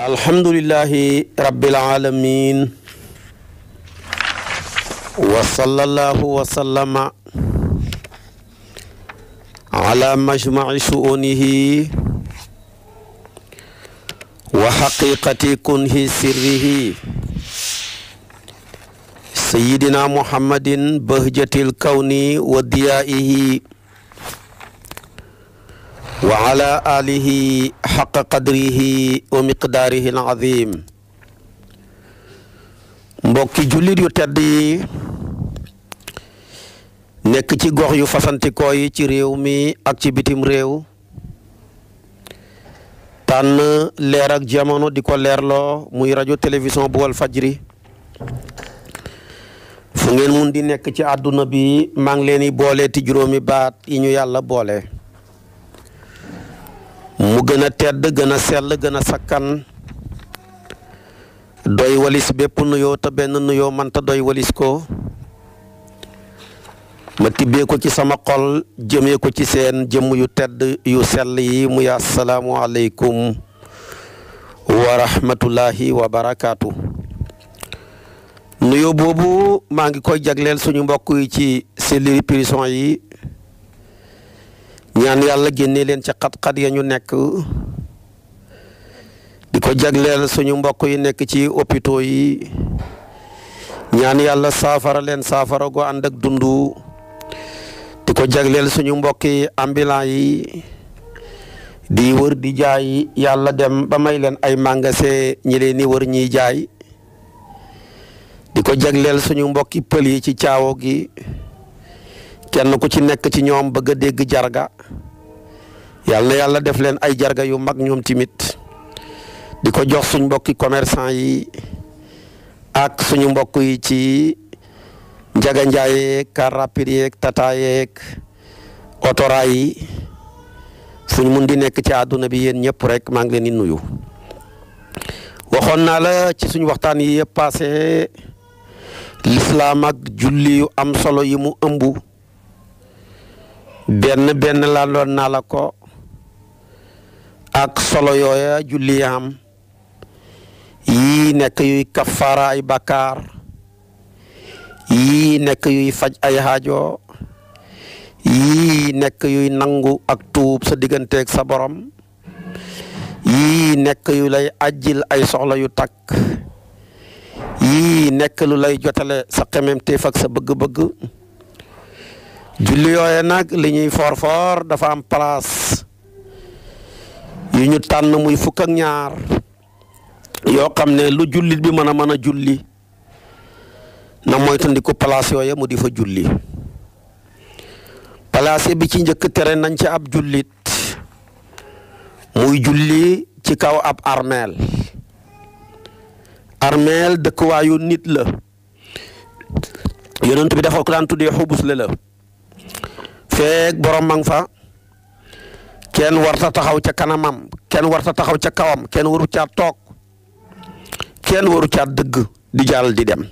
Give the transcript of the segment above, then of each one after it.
الحمد لله رب العالمين وصلى الله وسلم على مجمع شؤونه وحقيقة كنه سره سيدنا محمد بهجة الكون وديائه wa ala alihi xaqa qadrihi wa miqdaarihi alazim mbokki jullit yu tedd yi nekk ci gox yu fasantikoo yi ci réew mi ak ci bitim réew tan leer ak jamono di ko leerloo muy rajo télévision bu wal fajri fu ngeen mun di nekk ci àdduna bi maa ngi leen di boole ti juróomi baat yi ñu yàlla boole mu gën a tedd gën a sell gën a sakkan doy walis bépp nuyoo te benn nuyoo manta doy walis ko ma tibbee ko ci sama xol jëmee ko ci seen jëmm yu tedd yu sell yi muy assalaamu aleykum wa rahmatullahi barakaatu nuyoo boobu maa ngi koy jagleel suñu mbokk yi ci cellule prison yi ñaan yàlla génne leen ci xat-xat ya ñu nekk di ko jagleel suñu mbokk yi nekk ci hôpitaux yi ñaan yàlla saafara leen saafara go ànd ak dundu di ko jagleel suñu mbokk yi ambulant yi di wër di jaay yàlla dem ba may leen ay magasin ñi leen ni wër ñiy jaay di ko jagleel suñu mbokki pël yi ci caawo gi kenn ku ci nekk ci ñoom bëgg dégg jarga yalla yalla def len ay jarga yu mag ñom timit di ko jox suñ mbokki commerçant yi ak suñu mbokk yi ci jaga njaay yeeg car rapide yeeg tata yeeg otoraay yi fuñ mundi nek ci aduna bi yeen ñepp rek ma ngi leen di nuyu waxon na la ci suñu waxtaan yi yepp passé l'islam ak julli yu am solo yi mu ëmbu ben ben la loon na la ko ak solo yooya julli am yii nekk yuy kafaara ay bakkaar yii nekk yuy faj ay xaajo yii nekk yuy nangu ak tuub sa digganteeg sa borom yii nekk yu lay ajjil ay soxla yu takk yii nekk lu lay jotale sa xememteef ak sa bëgg-bëgg julli nag li ñuy foor foor dafa am palaas yi ñu tànn muy fukk ak ñaar yoo xam ne lu jullit bi mën a mën a julli na moytandiku place yooya mu di fa julli place bi ci njëkk tere nañ ci ab jullit muy julli ci kaw ab armeel armeel dëkkuwaayu nit la yonent bi dafa ko daan tuddee xubus la la feeg borom mang fa kenn warta taxaw ca kanamam kenn warta taxaw ca kawam kenn waru caa toog kenn waru caa dëgg di jàll di dem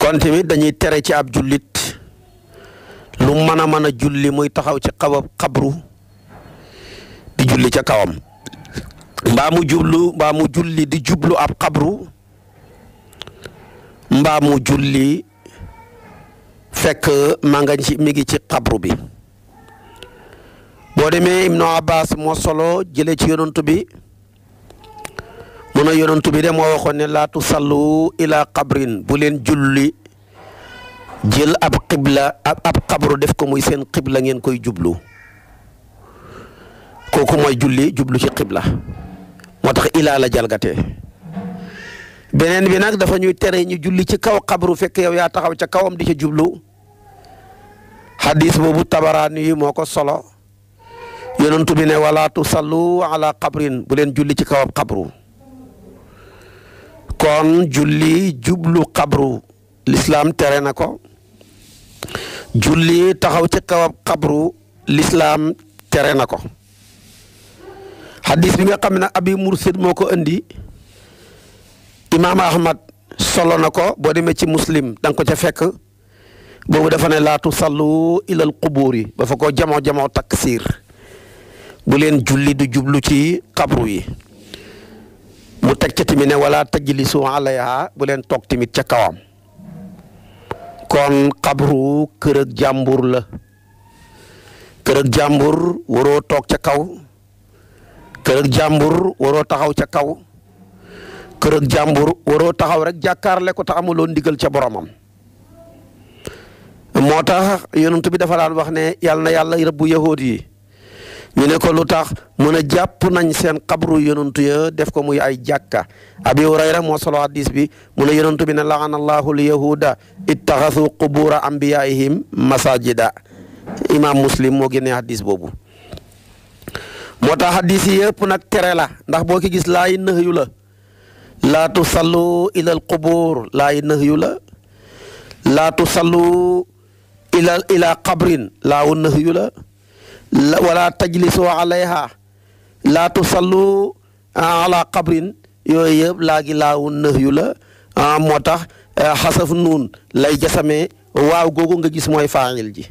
kon tamit dañuy tere ci ab jullit lu mën a mën a julli muy taxaw ci xaba xabru di julli ca kawam mbaa mu jublu mbaa mu julli di jublu ab xabru mbaa mu julli fekk ma ci mi ngi ci xabru bi boo ibnu abbas mo solo jele ci yonantu bi mu ne bi de mo waxoon la tusallu ila qabrin bu len julli jël ab qibla ab ab qabru def ko muy sen qibla ngeen koy jublu koku moy julli jublu ci qibla motax ila la jalgate benen bi nak dafa ñuy téré ñu julli ci kaw qabru fekk yow ya taxaw ci kawam di ci jublu hadith bobu tabarani moko solo yonentu bi ne wala tusallu ala qabrin bu len julli ci kawab qabru kon julli jublu qabru l'islam tere nako julli taxaw ci kawab qabru l'islam tere na hadith bi nga xam abi mursid moko indi imam ahmad solo nako bo demé ci muslim dang ko ca fekk bobu dafa ne laa tusallu ilal quburi ba fa ko jamo jamo taksir bu leen julli du jublu ci xabru yi mu teg ca tamit ne wala tajlisu alayha bu leen toog tamit ca kawam kon xabru kër ak jàmbur la kër ak jàmbur waroo toog ca kaw kër ak jàmbur waroo taxaw ca kaw kër ak jàmbur waroo taxaw rek jàkkaarle ko te amuloo ndigal ca boromam moo tax yonent bi dafa daan wax ne yàlla na yàlla rëbbu yahood yi ñu ne ko lutax mu ne japp nañ seen qabru ya def ko muy ay jakka abi hurayra mo solo hadis bi mu ne yonantu bi ne laana allahu yahuda ittakhathu qubur anbiya'ihim masajida imam muslim mo gene hadis bobu mota hadith yepp nak yëpp tere la ndax bo ki gis la yinahyu la la tusallu ila al qubur la yinahyu la la tusallu ila ila qabrin la yinahyu la wala tajlisu alayha laa tusallu ala qabrin yooyu yëpp laa gi laawu nëx yu la moo tax xasaf nuun lay jasamee waaw googu nga gis mooy faanil ji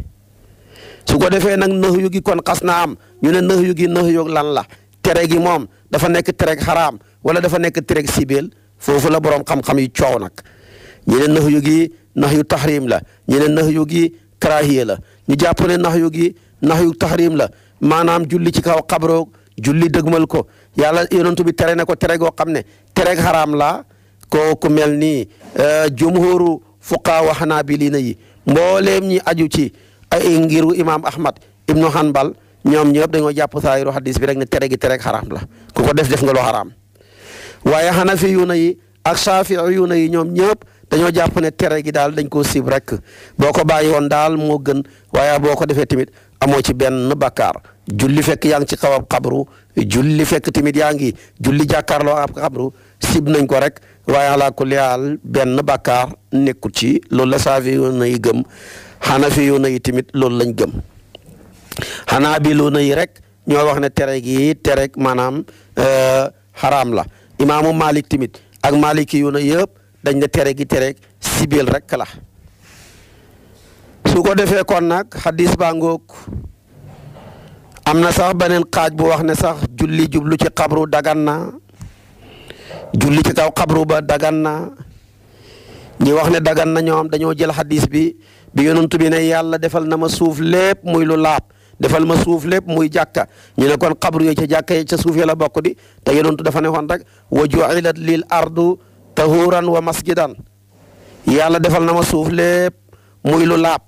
su ko defee nag nëx yu gi kon xas na ñu ne nëx yu lan la tere gi moom dafa nekk tereg xaraam wala dafa nekk tereg sibeel foofu la boroom xam-xam yi coow nag ñu ne nëx yu gi nëx yu tahrim la ñu ne nëx yu gi karaahiya la ñu jàpp ne nëx yu gi nax yu taxrim la maanaam julli ci kaw xabroog julli dëgmal ko yàlla yonent bi tere na ko tere goo xam ne tereg xaraam ko ku mel ni eh, jumhuru fuqaa wa xanaabiliina yi mbooleem ñi aju ci ay ngiru imaam Ahmad ibnu Hanbal ñoom ñëpp dañoo jàpp saayiru hadis bi rek ne tere gi tereg xaraam la ku ko def def nga loo xaraam waaye xanafiyuuna yi ak saafiyuuna yi ñoom ñëpp dañoo jàpp ne tere gi daal dañ ko siib rek boo ko bàyyi daal moo gën waaye boo ko defee tamit amoo ci benn bakkaar julli fekk yaa ngi ci xawab xabru julli fekk tamit yaa ngi julli jàkkaarloo ab xabru sib nañ ko rek waaye ala kulli haal benn bakkaar nekkul ci loolu la saafi yu nay gëm xanafi yu nay tamit loolu lañ gëm xanaa biloona lu rek ñoo wax ne tere gi tere maanaam euh, xaraam la imaamu Malik tamit ak Maliki yu nay yëpp. dañ la téré gi téré sibil rek la su ko défé kon nak hadith ba ngok amna sax benen xaj bu wax ne sax julli jublu ci qabru daganna julli ci kaw qabru ba daganna ñi wax ne dagan na ñoom dañoo jël hadith bi bi yonent bi ne yalla defal na ma suuf lépp muy lu laap defal ma suuf lépp muy jakka ñu ne kon xabru yi ya ca jàkka ya ci suuf ya la di te yonent dafa ne rek wa lil ardu tahuran wa masjidan yàlla defal na ma suuf lépp muy lu laab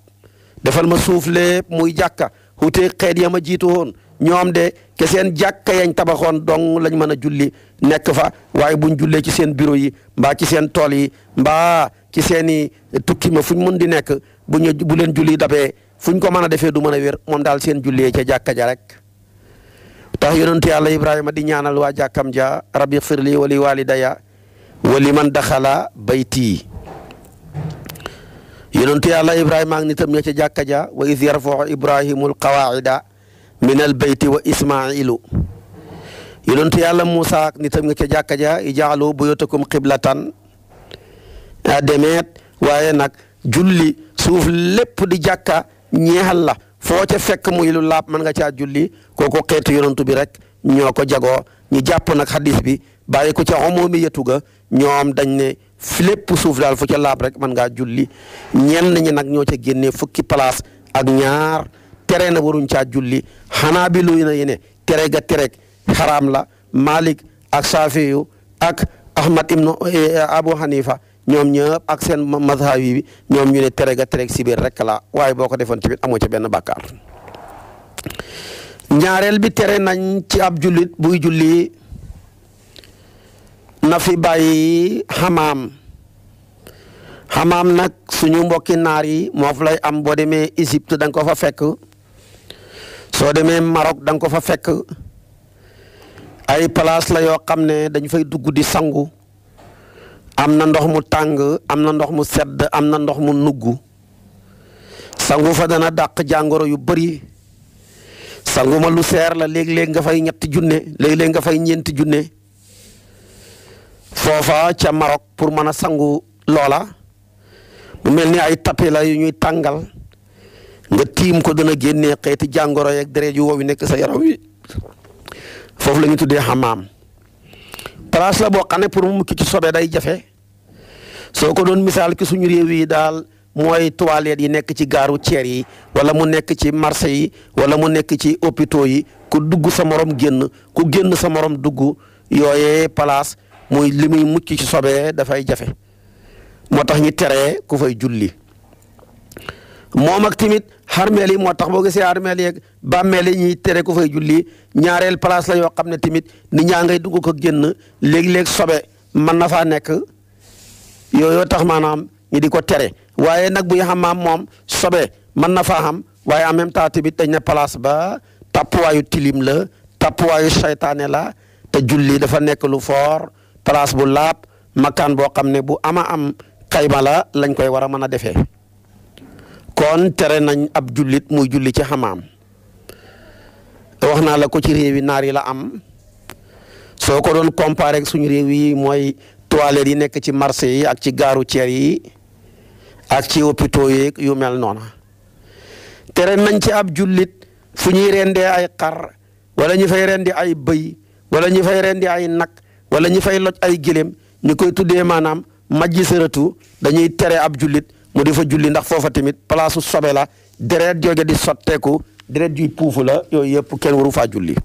defal ma suuf lépp muy jàkka xutee xeet ya ma jiitu woon ñoom de ke seen jàkka yañ tabaxon dong lañ mën a julli nekk fa waaye buñ jullee ci seen bureau yi mbaa ci seen tool yi mba ci seen i tukki ma fuñ mun di nekk bu ñu bu leen julli dabee fuñ ko mën a defee du mën a wér moom daal seen jullee ca jàkka ja rek tax yonentu yàlla Ibrahima di ñaanal wa jàkkam ja rabbi xfir li wali walidaya wa liman daxala baytii yonentu yàlla ibrahima ak nitam ña ca jàkka ja wa is yarfau ibrahimul qawaida min al bayti wa ismailu yonentu yàlla moussa ak nitam nga ca jàkka ja ijaalu buyutakum qiblatan demeet waaye nag julli suuf lépp di jàkka ñeexal la foo ca fekk muy lu laab mën nga caa julli kooku xeetu yonentu bi rek ñoo ko jagoo ñu jàpp nag xadis bi bàyyi ko ca umumi yetu ñoom dañ ne fi lépp suuf daal fu ca laab rek mën ngaa julli ñenn ñi nag ñoo ca génnee fukki place ak ñaar tere na waruñ caa julli xanaa bi luy na yi tere ga tereg xaraam la Malik ak Saafiyu ak Ahmad ibnu eh, Abu Hanifa ñoom ñëpp ak seen mazhabi bi ñoom ñu ne tere ga tereg si biir rek la waaye boo ko defoon tamit amoo ca benn bàkkaar ñaareel bi tere nañ ci ab jullit buy julli na fi bàyyi xamaam xamaam nag suñu mbokki naar yi moof lay am boo demee Égypte dang ko fa fekk soo demee Maroc da ko fa fekk ay place la yoo xam ne dañ fay dugg di sangu am na ndox mu tàng am na ndox mu sedd am na ndox mu nugg sangu fa dana dàq jàngoro yu bari sanguma lu seer la leg leg nga fay ñett junne leg leg nga fay ñent junne fofa ca Maroc pour mëna sangu lola mu melni ni ay tapé la ñuy tangal nga tim ko dana génné xéti jangoro yak deret yu wow nek sa yaraw wi fofu la ñu tuddee place la bo xane pour mu ci sobé day jafé soko don misal ki suñu réew wi dal mooy toilette yi nekk ci gaaru ceer yi wala mu nekk ci marché yi wala mu nekk ci hôpitaux yi ku dugg sa morom génn ku génn sa morom dugg yooyee palace muy li muy mucc ci sobee dafay jafe moo tax ñu tere ku fay julli moom ak tamit xarmeel yi moo tax boo gisee xarmeel yeeg bàmmeel yi tere ku fay julli ñaareel palace la yoo xam ne tamit nit ñaa dugg ko génn léegi-léeg sobe mën na faa nekk yooyu tax maanaam ñu di ko tere waaye nag buy xamaam mom sobe man na fa xam waye en même temps tibi dañ place ba tappuwaayu tilim la tappuwaayu shaytané la te julli dafa nek lu for place bu lap makan bo bu ama am xayma la lañ koy wara mëna défé kon téré nañ ab jullit muy julli ci hamam waxna la ko ci réew yi la am soko don comparer ak suñu réew yi mooy toilettes yi nek ci marché yi ak ci garu yi ak ci hôpitaux yeeg yu mel noona tere nañ ci ab jullit fu ñuy rendee ay xar walla ñu fay rendi ay bëy wala ñu fay rendi ay nag wala ñu fay loj ay gëléem ñu koy tuddee maanaam majji sëratu dañuy tere ab jullit mu di fa julli ndax foofa tamit palaasu sobee la deret joge di sotteeku deret juy puufu la yooyu yëpp kenn waru fa julli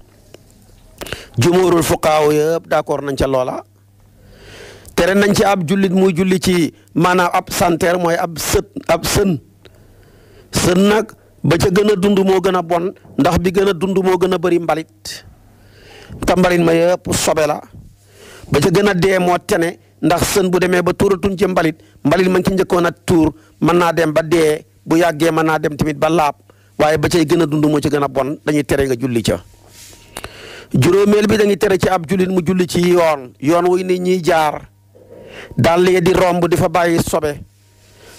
jumóorul fuqaaw yëpp d'accord nañ ca loola tere nañ ci ab jullit muy julli ci maanaam ab santeer mooy ab sët ab sën sën nag ba ca gën a dund moo gën a bon ndax bi gën a dund moo gën a bëri mbalit ta mbalit ma yëpp sobe la ba ca gën a dee moo tene ndax sën bu demee ba tuuratuñ ci mbalit mbalit ma ci njëkkoon a tuur mën naa dem ba dee bu yàggee mën naa dem tamit ba laab waaye ba cay gën a dund moo ci gën a bon dañuy tere nga julli ca juróomeel bi dañuy tere ci ab jullit mu julli ci yoon yoon wuy nit ñiy jaar dal di rombu di fa bàyyi sobe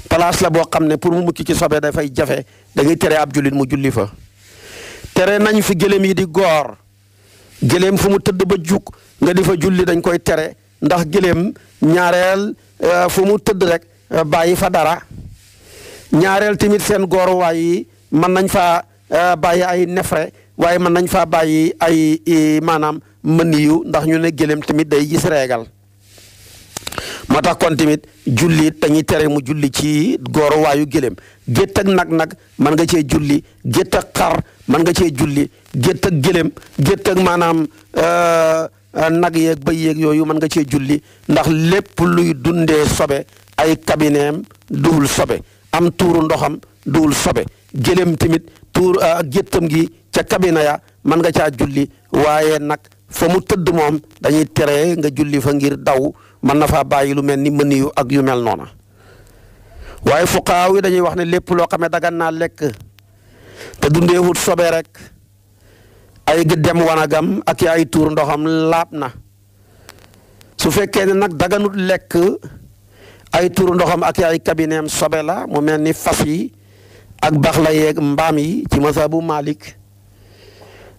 place la bo xamne ne pour mu mukki ci sobe fay jafé da ngay tere ab julit mu julli fa tere nañ fi gëléem yi di gor gëléem fu mu tëdd ba juk nga di fa julli dañ koy tere ndax gëléem ñaarel euh, fu mu tëdd rek euh, bàyyi fa dara ñaareel timit sen gooruwaay yi man euh, nañ fa bàyyi ay nefre waye man nañ fa bàyyi ay manam mën yu ndax ñu ne gëléem timit day gis moo tax kon tamit julli dañuy tere mu julli ci góoro waayu gëléem gétt ak nag nag mën nga cee julli gétt ak xar mën nga cee julli gétt ak gëléem gétt ak maanaam euh, nag yeeg bëy yeeg yooyu mën nga cee julli ndax lépp luy dunde sobe ay kabineem duul sobe am tuuru ndoxam duul sobe gëléem tamit tuur euh, géttam gi ca kabine ya mën nga caa julli waaye nag fa mu tëdd moom dañuy tere nga julli fa ngir daw mën na faa bàyyi lu mel ni mëniyu ak yu mel noona waaye fuqaaw yi dañuy wax ne lépp loo xam ne dagan naa lekk te dundeewut sobe rek ay gëddem wanagam ak ay tuur ndoxam laab na su fekkee ne nag daganut lekk ay tuur ndoxam ak ay kabineem sobe la mu mel ni fas yi ak bax la yeeg mbaam yi ci masabu Malik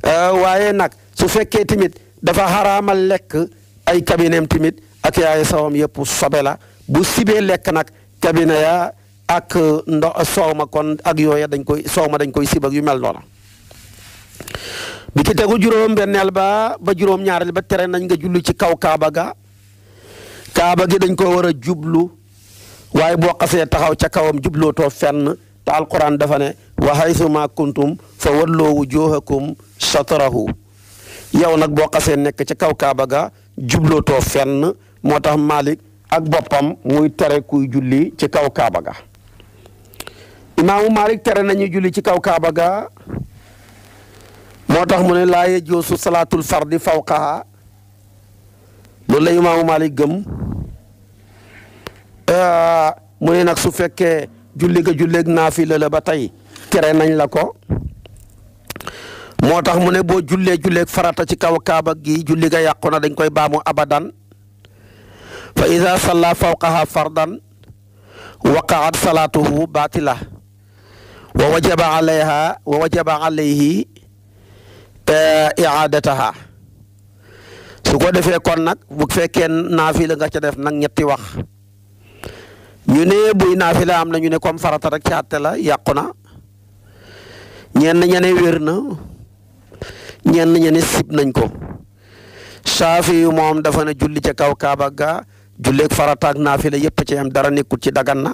euh, waaye nag su fekkee tamit dafa xaraama lekk ay kabineem tamit ak yaay sawam yëpp sobe la bu sibee lekk nag cabine ya ak euh, ndox soow ma kon ak yooya dañ koy soow ma dañ koy sib yu mel noona bi ci tegu juróom-benneel ba ba juróom-ñaareel ba tere nañ nga jublu ci kaw Kaaba ga Kaaba gi dañ ko war a jublu waaye boo xasee taxaw ca kawam jublootoo fenn te alquran dafa ne wa haythu ma kuntum fa walloo wujuhakum shatrahu yow nag boo xasee nekk ca kaw Kaaba ga jubloo jublootoo fenn moo tax Malik ak boppam muy tere kuy julli ci kaw Kaaba ga imaamu Malik tere nañu julli ci kaw Kaaba ga moo tax mu ne laa yajoosu salaatul fardi fawqaha loolu la imaamu Malik gëm euh, mu ne nag su fekkee julli ga julleeg naafila la ba tey tere nañ la ko moo tax mu ne boo jullee julleeg farata ci kaw Kaaba gi julli ga yàqu na dañ koy baamu abadan fa ida salla fawqaha fardan waqaat salaatuhu baatila wa wajaba alayha wa wajaba alayhi eh, su ko defee kon nag bu fekkee naafila nga ca def nag ñetti wax ñu ne buy naafila am na ñu ne comme farata rek ca àtte la yàqu na ñenn ña ne na ñenn ña nañ ko saafi yu moom dafa ne julli ca kaw kaaba ga julleeg farataak naafila yëpp ci am dara nekkul ci daganna na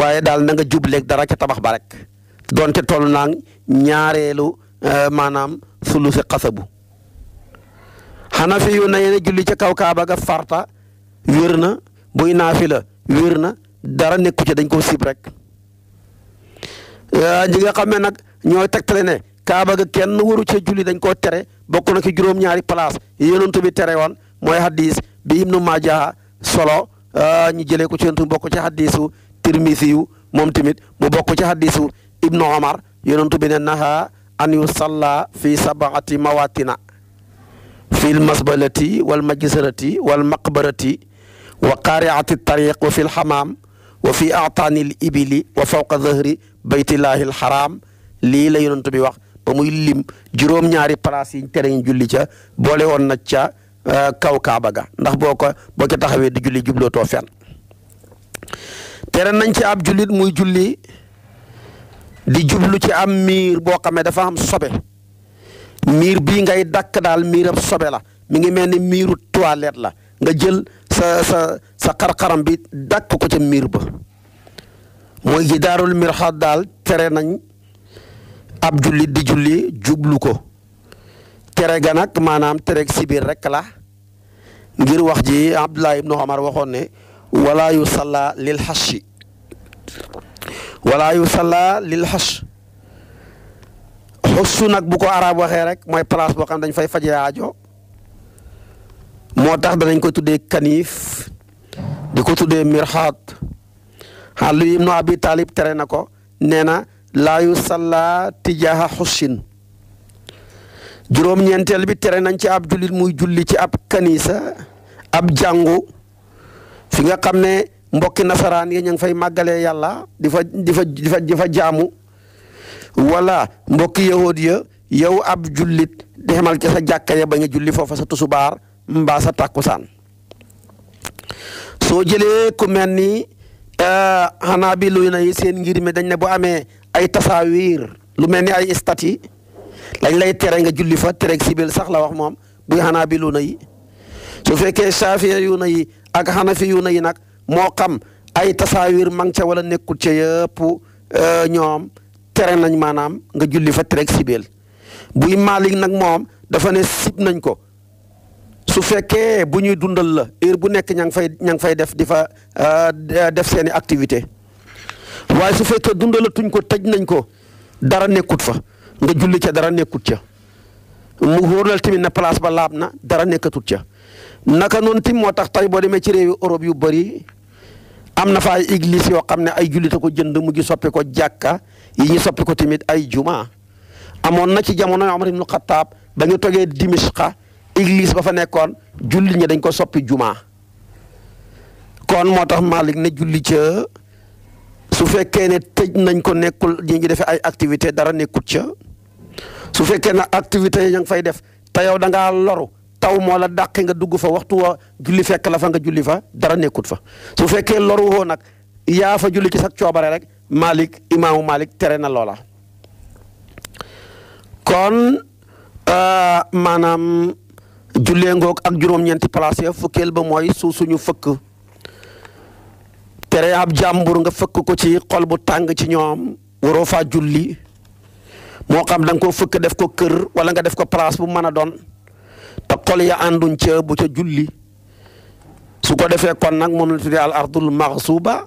waaye daal na nga jubleeg dara ca tabax ba rek donte toll naa ñaareelu euh, maanaam sulusi xasabu xanafi yu ne yéen julli ca kaw kaaba ga farta wér na buy naafila wér na dara nekku ci dañ koo sib rek euh, ñi nga xam ne nag ñooy tegtale ne kaaba ga kenn waru ca julli dañ koo tere bokk na ci juróom-ñaari place yonent bi tere woon mooy hadis bi Ibnu Maaja solo ah, ñu jëlee ko ci yonent mu bokk ci hadisu Tirmisi moom tamit mu bokk ci hadisu Ibnu Omar yonent bi ne naha an yusalla fi sabaati mawatina fi lmasbalati walmajsarati walmaqbarati wa qaariati tariq wa fi lxamaam wa fi aataani l ibili wa fawqa dahri baytillahi lxaram lii la yonent bi wax ba muy lim juróom-ñaari place yi tere ñu julli ca boole woon na Euh, kaw kaaba ga ndax boo ko boo ca taxawee di julli jublootoo fenn tere nañ ci ab jullit muy julli di jublu ci am miir boo xam ne dafa am sobe miir bi ngay dakk daal miirab sobe la mi ngi mel ni miiru toilette la nga jël sa sa sa xarxaram bi dakk ko ci miir ba mooy ji daarul mirxaat daal tere nañ ab jullit di julli jublu ko kere ga nak manam tereg si rek la ngir wax ji Abdullah ibnu umar waxone wala yusalla lil hashi wala yusalla lil hash hussu nak bu ko arab waxe rek moy place bo xam dañ fay faje aajo motax dañ ko tuddé kanif diko tuddé mirhat halu ibn ibnu Abi Talib tere nako nena la yusalla tijaha hussin juróom-ñeenteel bi tere nañ ci ab jullit muy julli ci ab kanisa ab jàngu fi nga xam ne mbokki nasaraan yi ñu ngi fay màggalee yàlla difa fa di fa jaamu wala mbokki yahood ya yow ab jullit di xamal ci sa jàkka ya ba nga julli foofa sa tusubaar mbaa takkusaan soo jëlee ku mel ni eh, xanaa bi luy na seen ngir mi dañ ne boo amee ay tasaawiir lu mel ni ay stati lañ lay tere nga julli fa tere sibil sax la wax moom buy xanaa bi lu su fekkee saafiya yu na yi ak xanafi yu na yi nag moo xam ay tasaawir mang wala nekkul ca yëpp euh, ñoom tere nañ maanaam nga julli fa tere sibil buy maalik nag moom dafa ne sib nañ ko su fekkee bu ñuy dundal la heure bu nekk ña ngi fay ña ngi fay def di fa euh, def seeni activité waaye su fekkee tuñ ko tëj nañ ko dara nekkut fa nga julli ca dara nekkut ca mu wóoral tamit na place ba laab na dara nekkatut ca naka noon tamit moo tax tey boo demee ci réewi Europe yu bëri am na fa ay église yoo xam ne ay jullite ko jënd mu ngi soppi ko jàkka yi ñu soppi ko tamit ay juma amoon na ci jamono Omar ibnu Xattaab ba ñu togee xa église ba fa nekkoon julli ñi dañ ko soppi juma kon moo tax Malick ne julli ca su fekkee ne tëj nañ ko nekkul ñi ngi defee ay activité dara nekkut ca su fekkee ne activité yi fay def te yow da ngaa loru taw moo la nga dugg fa waxtu wa julli fekk la fa nga julli fa dara nekkut fa su fekkee loru woo nag yaa fa julli ci sa coobare rek Malik imaamu Malik tere na loola. kon euh, maanaam jullee ngoog ak juróom-ñeenti place ya fukkeel ba mooy su suñu fëkk tere ab jàmbur nga fëkk ko ci xol bu tàng ci ñoom waroo faa julli. mo xam dang ko fukk def ko kër wala nga def ko place bu mën don ta te xol ya andun ci bu ca julli su ko defé kon nak moom la al ardul maghsuba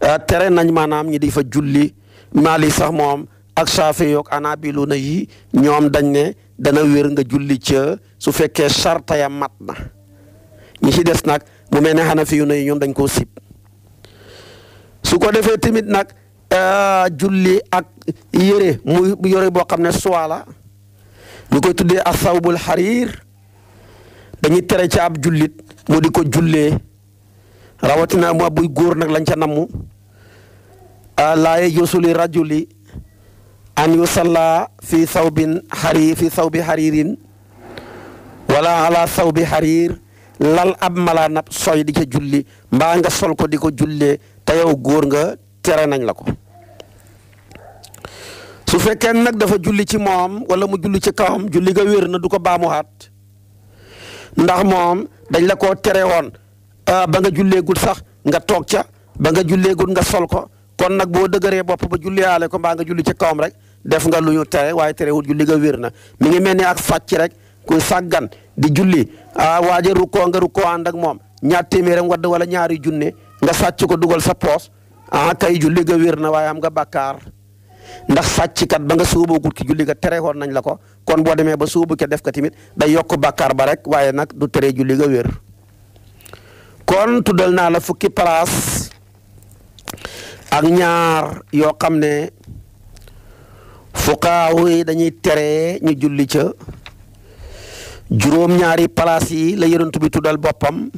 eh, tere nañ manam ñi di fa julli mali sax mom ak shafi yok anabiluna yi ñom dañ ne dana wër nga julli ci su fekke sharta ya matna ñi ci dess nak mu melni hanafi yu na dañ ko sip su ko defé timit nak julli ak yére muy yore boo xam ne soie la ñu koy tuddee asawbul xariir dañuy tere ci ab jullit mu di ko jullee rawatina mo buy góor nak lañ ca namu laa yajuusu li rajuli an yusalla fi sawbin xariir fi sawbi xariirin wala ala sawbi xariir lal ab malaanab soy di ca julli mbaa nga sol ko di ko jullee te yow góor nga téré nañ la ko su fekkee nag dafa julli ci moom wala mu julli ci kawam julli ga wér na du ko baamuwaat ndax moom dañ la koo tere woon ah, ba nga julleegul sax nga toog ca ba nga julleegul nga sol ko kon nag boo dëgëree bopp ba julliyaale ko mbaa nga julli ci kawam rek def nga lu ñu tere waaye terewul julli ga wér na mi ngi mel ni ak sàcc rek ku sàggan di julli ah, a waaja rukkoo nga rukkoo ànd ak moom ñaar téeméeram wadd wala ñaari junne nga sàcc ko dugal sa poos ah kay julli ga werna na am nga bakar ndax kat ba nga suubagut ki julli ga tere hon nañ la ko kon bo demee ba soobu ke def ka timit day yok bakar ba rek waye nak du tere julli ga wer kon tudal na la fukki place ak ñaar yo xam ne yi dañuy tere ñu julli ci juroom ñaari place yi la yonent bi tudal bopam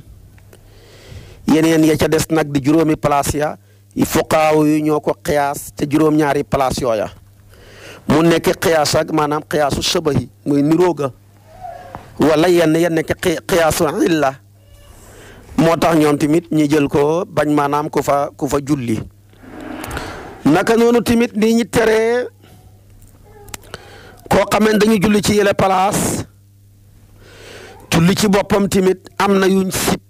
yeneen ya ca dess nag di juroomi place ya fuqaaw yi ñoo ko xiyaas te juróom-ñaari place yooya mu nekk xiyaas ak maanaam xiyaasu shabahi muy nirooga walla yenn yenn nekk xiyaasu illa moo tax ñoom tamit ñu jël ko bañ maanaam ku fa ku fa julli naka noonu tamit ni ñi teree koo xamee dañu julli ci yële place julli ci boppam tamit am na yuñ sib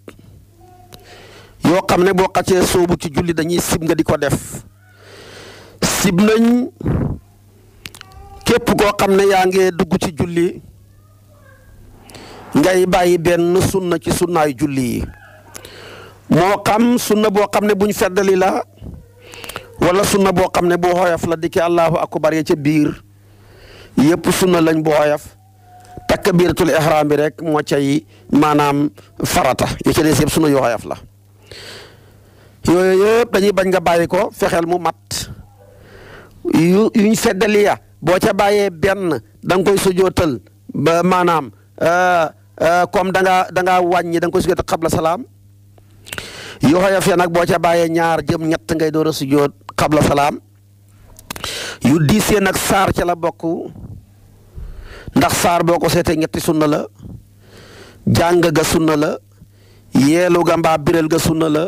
yoo xam ne boo xaccee soobu ci julli dañuy sib nga di ko def sib nañ képp koo xam ne yaa ngi dugg ci julli ngay bàyyi benn sunna ci sunnaay julli yi moo xam sunna boo xam ne buñ feddali la wala sunna boo xam ne boo xoyof la di ki allahu akbar ya biir yëpp sunna lañ bu xoyof takbiratul ihram bi rek moo cay maanaam farata ya ca des yëpp sunna yu xoyof la yooyu yëpp dañuy bañ nga bàyyi ko fexeel mu mat yu yuñ feddali boo ca bàyyee benn danga koy sujootal ba maanaam euh, euh, comme da ngaa danga ngaa wàññi da nga koy sujootal xabla salaam yooya nag boo ca bàyyee ñaar jëm ñett ngay door a sujoot xabla salaam yu diisee nag saar ca la bokk ndax saar boo ko seetee ñetti sunna la jàng ga sunna la yeelu ga mbaa biral ga sunna la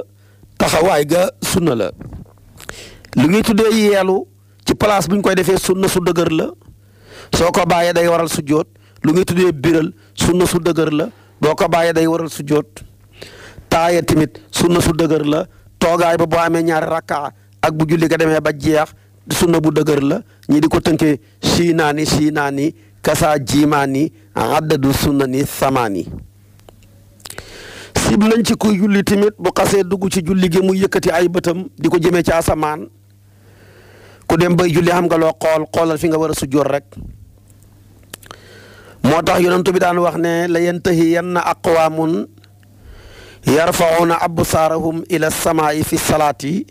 taxawaay ga sunna la lu ñuy tuddee yeelu ci place bu ñu koy defee sunna su dëgër la soo ko bàyyee day waral su jóot lu ñuy tuddee biral sunna su dëgër la boo ko bàyyee day waral su jóot taaya tamit sunna su dëgër la toogaay ba boo amee ñaari rakkaa ak bu julli ga demee ba jeex sunna bu dëgër la ñii di ko tënkee siinaani siinaani kasaa jiimaani addadu sunna ni samaani sib lañ ci koy julli timit bu xasse duggu ci julli gi mu yëkëti ay bëtam di jëme ci juliam ku dem bay julli am nga lo xol xolal fi nga wara su jor rek motax yonentu bi daan wax ne la yan aqwamun yarfauna absarahum ila as-sama'i fi salati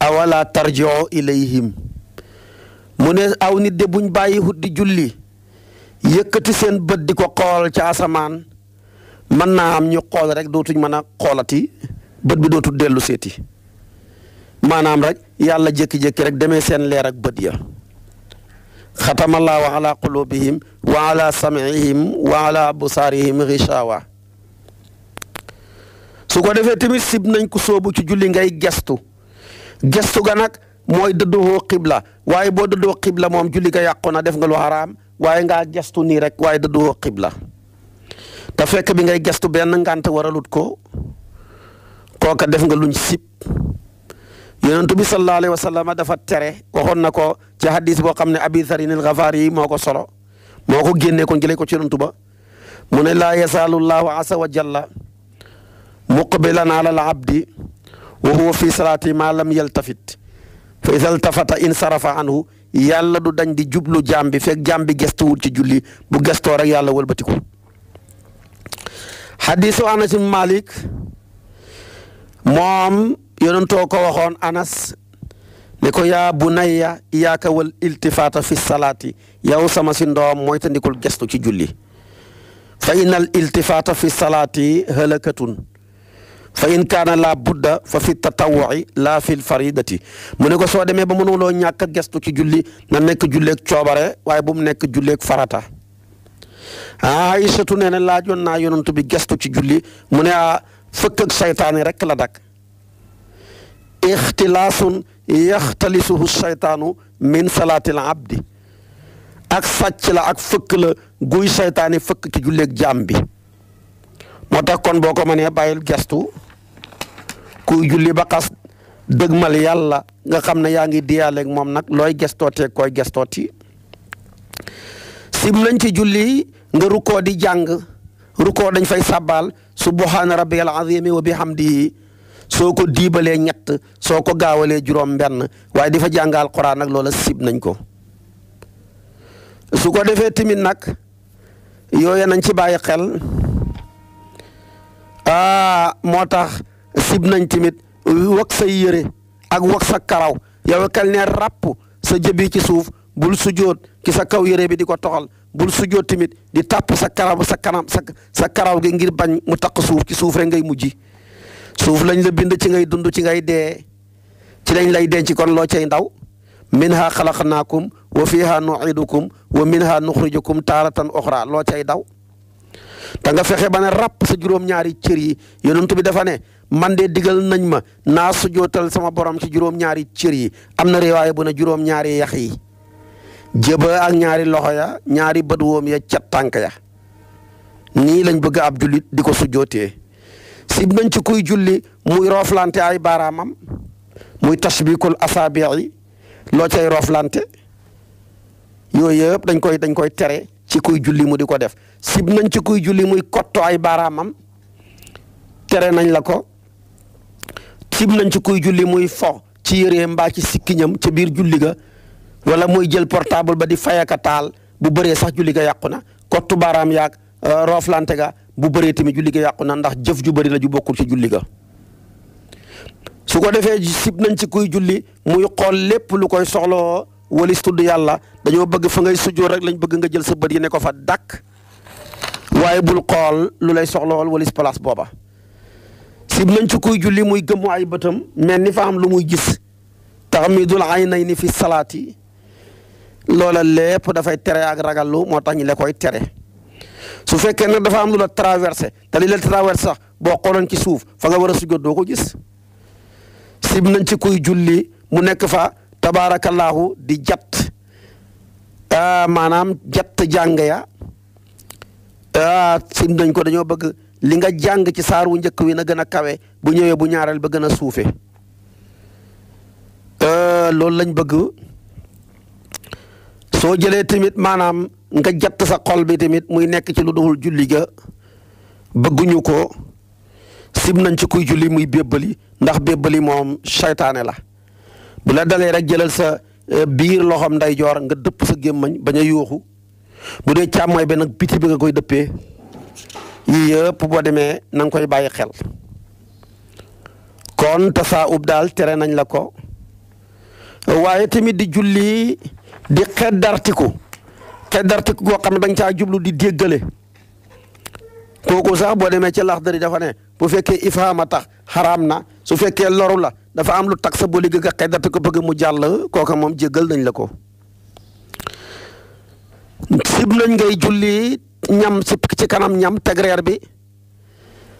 awala tarjiu ilayhim Mune aw nit de buñ bayyi hut di julli yëkëti seen bëtt di xol ci asaman mën naa am ñu xool rek dootuñ mën a xoolati bët bi dootul dellu seeti maanaam rek yàlla jékki-jékki rek demee seen leer ak bët ya xatamallaahu ala qulubihim wa ala samihim wa ala absaarihim gishawa su ko defee tamit sib nañ ko sóobu ci julli ngay gestu gestu ga nag mooy dëddoo xibla waaye boo dëddoo xibla moom julli ka yàqu na def nga lu xaraam waaye ngaa gestu nii rek waaye dëddoo xibla te fekk bi ngay gestu benn ngànt waralut ko kooka def nga luñ sib yonent bi sallallahu alayhi wa sallam dafa tere waxoon na ko ci hadis boo xam ne abi zarin al ghafari yi moo ko solo moo ko génnee ko jëlee ko ci yonent ba mu ne laa yazaalu llahu asa wa jalla muqbilan ala al abdi wa huwa fi salaati ma lam fa ida altafata insarafa anhu yàlla du dañ di jublu jaam bi fekk jaam bi gestuwul ci julli bu gestoo rek yàlla wëlbatiku xadiisu anas ibn malik moom yonentoo ko waxoon anas ne ko yaa bunayya iyaaka wal iltifaata fi salaati yow sama si ndoom mooy gestu ci julli fa in al iltifaata fi salaati halakatun fa in kaana laa budda fa fi tatawuci laa fi faridati mu ne ko soo demee ba mënuloo ñàkk gestu ci julli na nekk julleeg coobare waaye bu mu nekk julleeg farata Aysatu nee na laajoon naa yonantu bi gestu ci julli mu ne ah fëkk ak rek la dak ixtilaasun yaxtalisuhu saytaanu min salaatil abdi ak sàcc la ak fëkk la guy saytaane fëkk ci julleeg jaam bi moo tax kon boo ko mënee bàyyil gestu kuy julli ba xas dëgmal yàlla nga xam ne yaa ngi diyaaleeg moom nag looy gestootee koy gestooti sim lañ ci julli nga rukkoo di jàng rukkoo dañ fay sàbbaal subhaana rabbiyal azimi wa di soo ko diibalee ñett soo ko gaawalee juróom benn waaye di fa jàngal quraan nag loola sib nañ ko su ko defee timit nag yooy nañ ci bàyyi xel aa ah, moo tax sib nañ timit wak say yére ak wag sa karaw yow kal ne ràpp sa jëbi ci suuf bul sujjoot ki sa kaw yére bi di ko toxal bul sujjoot tamit di tàpp sa karaw sa kanam sa sa karaw gi ngir bañ mu taq suuf ci suuf rek ngay mujj suuf lañ la bind ci ngay dund ci ngay dee ci lañ lay denc kon loo cay ndaw naa xalaqnaakum wa fiha nuidukum wa minha nuxrijukum taaratan oxra loo cay daw te nga fexe ba ne ràpp sa juróom-ñaari cër yi yonent bi dafa ne man de digal nañ ma naa sujootal sama borom ci juróom-ñaari cër yi am na riwaaya bu ne juróom-ñaari yax yi jëba ak ñaari loxo ya ñaari bët woom ya cat tànk ya nii lañ bëgg ab jullit di ko sujjootee sib nañ ci kuy julli muy roflante ay baaraamam muy tashbikul asaabii loo cay rooflante yooyu dañ koy dañ koy tere ci kuy julli mu di ko def sib nañ ci kuy julli muy kotto ay baaraamam tere nañ la ko sib nañ ci kuy julli muy fo ci yëree mbaa ci sikkiñam ca biir julli ga wala moy jël portable ba di fayaka taal bu beure sax julli ga yakuna ko tubaram yak euh, roflante ga bu beure timi julli ga yakuna ndax jëf ju bëri la ju bokul ci julli ga su ko defé sip nañ ci kuy julli muy xol lepp lu koy soxlo walis tudd yalla dañu bëgg fa ngay sujjo rek lañ bëgg nga jël sa bët yi ne ko fa dak waye bul xol lu lay soxlo walis place boba sip nañ ci kuy julli muy gëm ay bëtam melni fa am lu muy gis aynaini fi salati loola lépp dafay tere ak ragallu moo tax ñu la tere su fekkee ne dafa am lu la traversé te li la traversé sax boo xooloon ci suuf fa nga war a sujjóot doo ko gis sib nañ ci kuy julli mu nekk fa tabaarakallaahu di jat ah, maanaam jat jàng ya ah, sib nañ ko dañoo bëgg li nga jàng ci saar wu njëkk wi na gën a kawe bu ñëwee bu ñaareel ba gën a suufe ah, loolu lañ bëgg soo jëlee tamit maanaam nga jat sa xol bi tamit muy nekk ci lu dul julli ga bëgguñu ko sib nañ ci kuy julli muy bébbali ndax bébbali moom saytaane la bu la dalee rek jëlal sa eh, biir loxoom ndeyjoor nga dëpp sa gémmañ bañ a yuuxu bu dee càmmooy bi nag biti bi nga koy dëppee yii yëpp boo demee na koy bàyyi xel kon tasaa ub daal tere nañ la ko waaye tamit di julli di xeddartiku xeddartiku koo xam ne da caa jublu di déggale kooku sax boo demee ci laxdari dafa ne boo fekkee ifhaama tax xaraam na su fekkee loru la dafa am lu tax sa boo liggéey nga bëgg mu jàll kooka moom jéggal nañ la ko. sib nañ ngay julli ñam si ci kanam ñam teg bi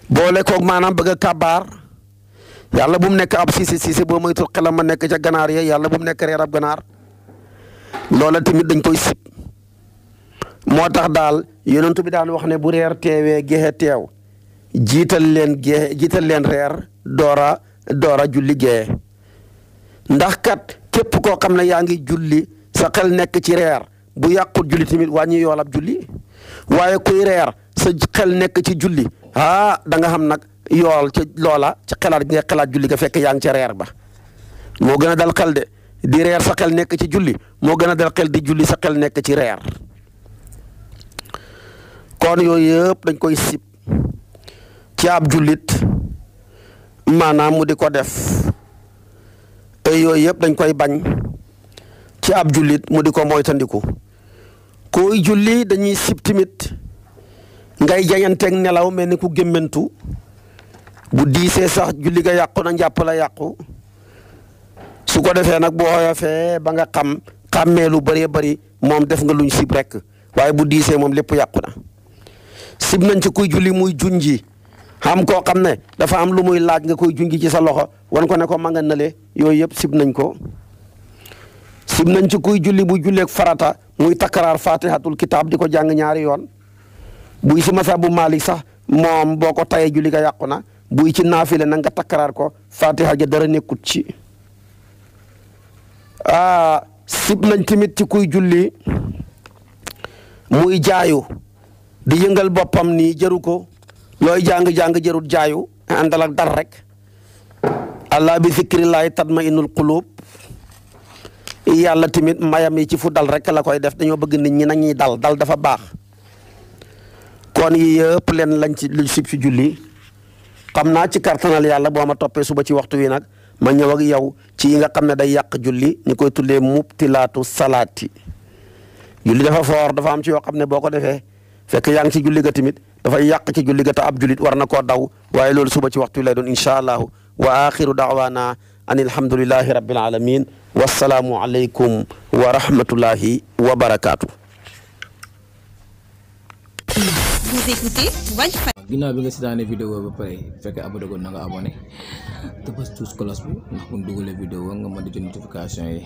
boole koog maanaam bëgg a kabaar yàlla bu mu nekk ab siise siise boo moytul xelam ma nekk ca ganaar ya yàlla bu mu nekk reer ab ganaar. loola tamit dañ koy sib moo tax daal yonentu bi daan wax ne bu reer teewee gexe teew jiital leen gexe jiital leen reer doora doora julli gexe ndax kat képp koo xam ne yaa ngi julli sa xel nekk ci reer bu yàqul julli tamit wàññi yoolab julli waaye koy reer sa xel nekk ci julli ah da xam nag yool ci loola ci xelaat nga xelaat julli nga fekk yaa ngi ca reer ba moo gën a dal xel de di reer sa xel nekk ci julli moo gën a dal xel di julli sa xel nekk ci reer kon yooyu yëpp dañ koy sib ci ab jullit maanaam mu di ko def te yooyu yëpp dañ koy bañ ci ab jullit mu di ko moytandiku kuy julli dañuy sib timit ngay jañanteeg nelaw mel ni ku gémmantu bu diisee sax julli ga yàqu na njàpp la yàqu su ko defee nag bu oyofee ba nga xam xamé lu bari bari mom def nga luñ sib rek waye bu disé mom lepp yakuna sib nañ ci kuy julli muy junji xam ko xamné dafa am lu muy laaj nga koy junji ci sa loxo wan ko ne ko ma nga yo yoy yeb sib nañ ko sib nañ ci kuy julli bu ak farata muy takrar fatihatul kitab di ko ñaari yoon bu ci masa bu Malik sax mom boko ko julli ga yakuna bu ci nafilé na nga ko fatiha ja dara nekut ci Ah, sib lañ tamit ci kuy julli muy jaayu di yëngal boppam ni jëru ko looy jàng-jàng jërut jaayu àndal ak dar rek allah bi zikrillaahi tatma innul quluub yàlla tamit mayam yi ci fu dal rek la koy def dañoo bëgg nit ñi nañuy dal dal dafa baax kon yi yëpp leen lañ ci luñ sib ci julli xam naa ci kartanal yàlla boo ma toppee suba ci waxtu wi nag ma ñëw ak yow ci yi nga xam ne day yàq julli ñu koy tuddee mubtilaatu salaati julli dafa foor dafa am ci yoo xam ne boo ko defee fekk yaa ngi ci julli ga tamit dafay yàq ci julli ga te ab jullit war na koo daw waaye loolu suba ci waxtu lay doon incha allahu wa axiru daawaana an alhamdulillahi rabbil alamin wasalaamu aleykum wa rahmatullahi wa barakaatu. Vous écoutez Walfadjri. ginnaaw bi nga sitaane vidéo ba pare fekkee abonné ko na nga abonné kelas bës tous cloche bi video bu dugalee vidéo nga mën di notification yi